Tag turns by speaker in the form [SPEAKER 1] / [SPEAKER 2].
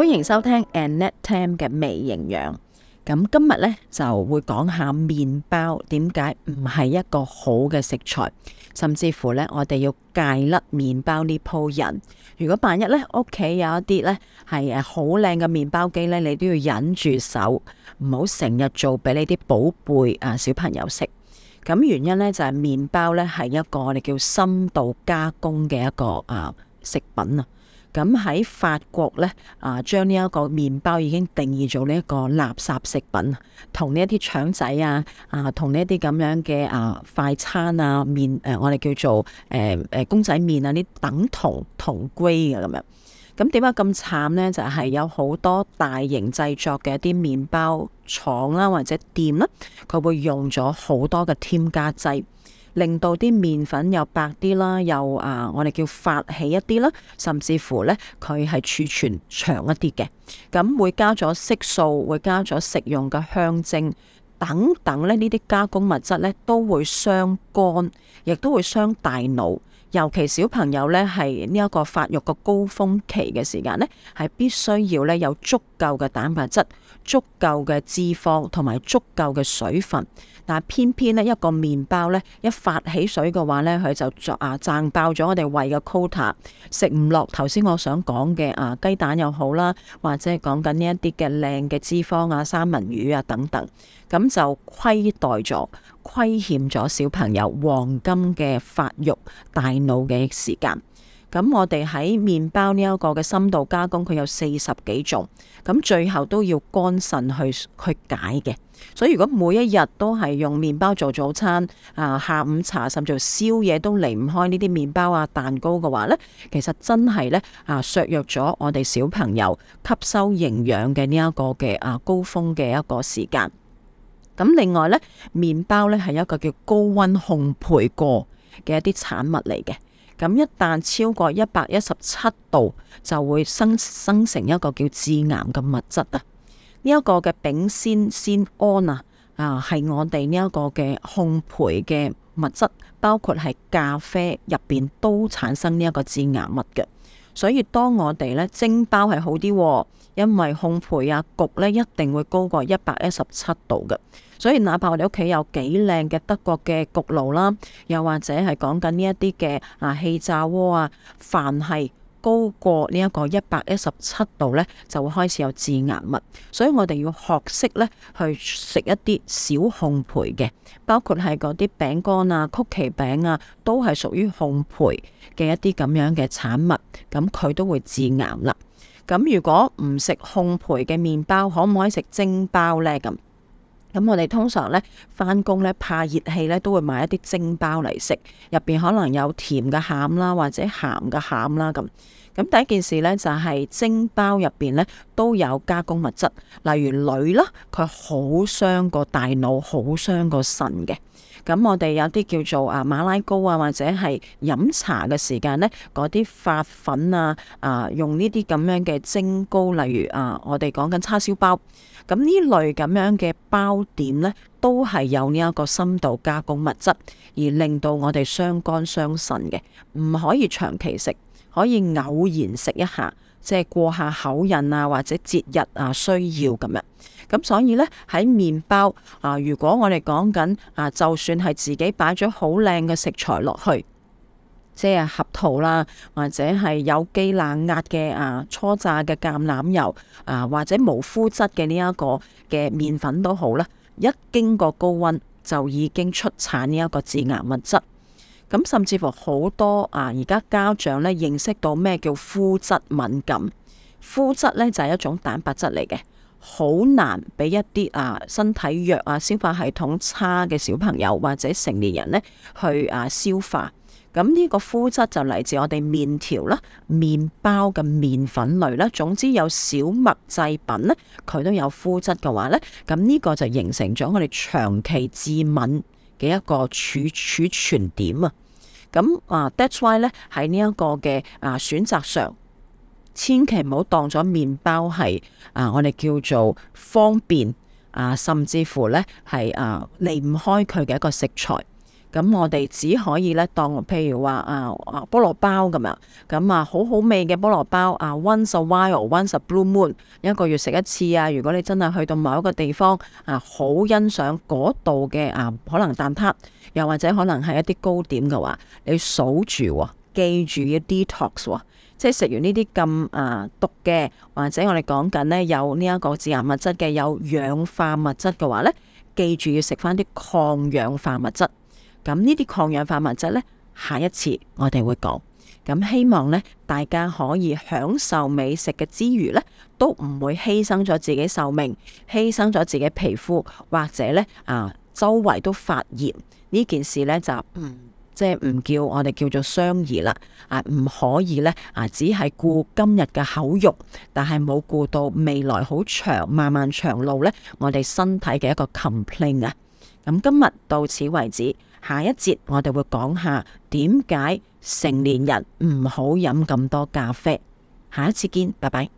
[SPEAKER 1] 歡迎收聽 Annette Time 嘅微營養。咁今日咧，就會講下麵包點解唔係一個好嘅食材，甚至乎咧，我哋要戒甩麵包呢鋪癮。如果萬一咧，屋企有一啲咧係誒好靚嘅麵包機咧，你都要忍住手，唔好成日做俾你啲寶貝啊小朋友食。咁原因咧，就係麵包咧係一個我哋叫深度加工嘅一個啊食品啊。咁喺法國咧，啊將呢一個麵包已經定義做呢一個垃圾食品，同呢一啲腸仔啊，啊同呢一啲咁樣嘅啊快餐啊麵，誒、啊、我哋叫做誒誒、欸呃、公仔麵啊，呢等同同歸嘅、啊、咁樣。咁點解咁慘咧？就係、是、有好多大型製作嘅一啲麵包廠啦、啊，或者店啦、啊，佢會用咗好多嘅添加劑。令到啲麵粉又白啲啦，又啊，我哋叫發起一啲啦，甚至乎呢，佢係儲存長一啲嘅。咁會加咗色素，會加咗食用嘅香精等等呢，呢啲加工物質呢，都會傷肝，亦都會傷大腦。尤其小朋友呢，係呢一個發育嘅高峰期嘅時間呢，係必須要呢有足夠嘅蛋白質，足夠嘅脂肪同埋足夠嘅水分。但係偏偏呢一個麵包呢一發起水嘅話呢，佢就作啊撐爆咗我哋胃嘅 quota 食唔落。頭先我想講嘅啊雞蛋又好啦，或者講緊呢一啲嘅靚嘅脂肪啊、三文魚啊等等，咁就虧待咗、虧欠咗小朋友黃金嘅發育大腦嘅時間，咁我哋喺麵包呢一個嘅深度加工，佢有四十幾種，咁最後都要肝腎去去解嘅。所以如果每一日都係用麵包做早餐啊，下午茶甚至係宵夜都離唔開呢啲麵包啊、蛋糕嘅話呢，其實真係呢啊削弱咗我哋小朋友吸收營養嘅呢一個嘅啊高峰嘅一個時間。咁另外呢，麵包呢係一個叫高溫烘焙過嘅一啲產物嚟嘅，咁一旦超過一百一十七度，就會生生成一個叫致癌嘅物質、這個、啊！呢一個嘅丙烯酰胺啊，啊係我哋呢一個嘅烘焙嘅物質，包括係咖啡入邊都產生呢一個致癌物嘅。所以當我哋咧蒸包係好啲、哦，因為烘焙啊焗咧一定會高過一百一十七度嘅。所以，哪怕我哋屋企有幾靚嘅德國嘅焗爐啦，又或者係講緊呢一啲嘅啊氣炸鍋啊，凡係高過呢一個一百一十七度呢，就會開始有致癌物。所以我哋要學識呢去食一啲少烘焙嘅，包括係嗰啲餅乾啊、曲奇餅啊，都係屬於烘焙嘅一啲咁樣嘅產物，咁佢都會致癌啦。咁如果唔食烘焙嘅麵包，可唔可以食蒸包呢？咁咁我哋通常咧翻工咧怕熱氣咧，都會買一啲蒸包嚟食，入邊可能有甜嘅餡啦，或者鹹嘅餡啦咁。咁第一件事咧就係蒸包入邊咧都有加工物質，例如鋁啦，佢好傷個大腦，好傷個腎嘅。咁我哋有啲叫做啊馬拉糕啊，或者係飲茶嘅時間呢，嗰啲發粉啊啊，用呢啲咁樣嘅蒸糕，例如啊，我哋講緊叉燒包。咁呢類咁樣嘅包點呢，都係有呢一個深度加工物質，而令到我哋傷肝傷腎嘅，唔可以長期食，可以偶然食一下，即係過下口癮啊，或者節日啊需要咁樣。咁所以呢，喺麵包啊，如果我哋講緊啊，就算係自己擺咗好靚嘅食材落去。即係合桃啦，或者係有機冷壓嘅啊初榨嘅橄欖油啊，或者無麩質嘅呢一個嘅麵粉都好啦。一經過高溫就已經出產呢一個致癌物質。咁甚至乎好多啊，而家家長呢認識到咩叫麩質敏感？麩質呢就係、是、一種蛋白質嚟嘅，好難俾一啲啊身體弱啊消化系統差嘅小朋友或者成年人呢去啊消化。咁呢個麩質就嚟自我哋麵條啦、麵包嘅麵粉類啦，總之有小麥製品咧，佢都有麩質嘅話咧，咁呢個就形成咗我哋長期致敏嘅一個儲儲存點啊。咁啊，that's why 咧喺呢一個嘅啊選擇上，千祈唔好當咗麵包係啊，我哋叫做方便啊，甚至乎咧係啊離唔開佢嘅一個食材。咁我哋只可以咧當，譬如話啊，菠蘿包咁樣，咁啊好好味嘅菠蘿包啊，Once a while，Once a blue moon，一個月食一次啊！如果你真係去到某一個地方啊，好欣賞嗰度嘅啊，可能蛋撻，又或者可能係一啲糕點嘅話，你數住、啊、記住要 detox，啊、即係食完呢啲咁啊毒嘅，或者我哋講緊呢有呢一個致癌物質嘅，有氧化物質嘅話呢，記住要食翻啲抗氧化物質。咁呢啲抗氧化物質呢，下一次我哋會講。咁希望呢，大家可以享受美食嘅之餘呢，都唔會犧牲咗自己壽命，犧牲咗自己皮膚，或者呢，啊周圍都發炎。呢件事呢，就唔即係唔叫我哋叫做雙宜啦。啊，唔可以呢，啊，只係顧今日嘅口欲，但係冇顧到未來好長漫漫長路呢，我哋身體嘅一個 complain 啊。咁今日到此為止。下一節我哋會講下點解成年人唔好飲咁多咖啡。下一次見，拜拜。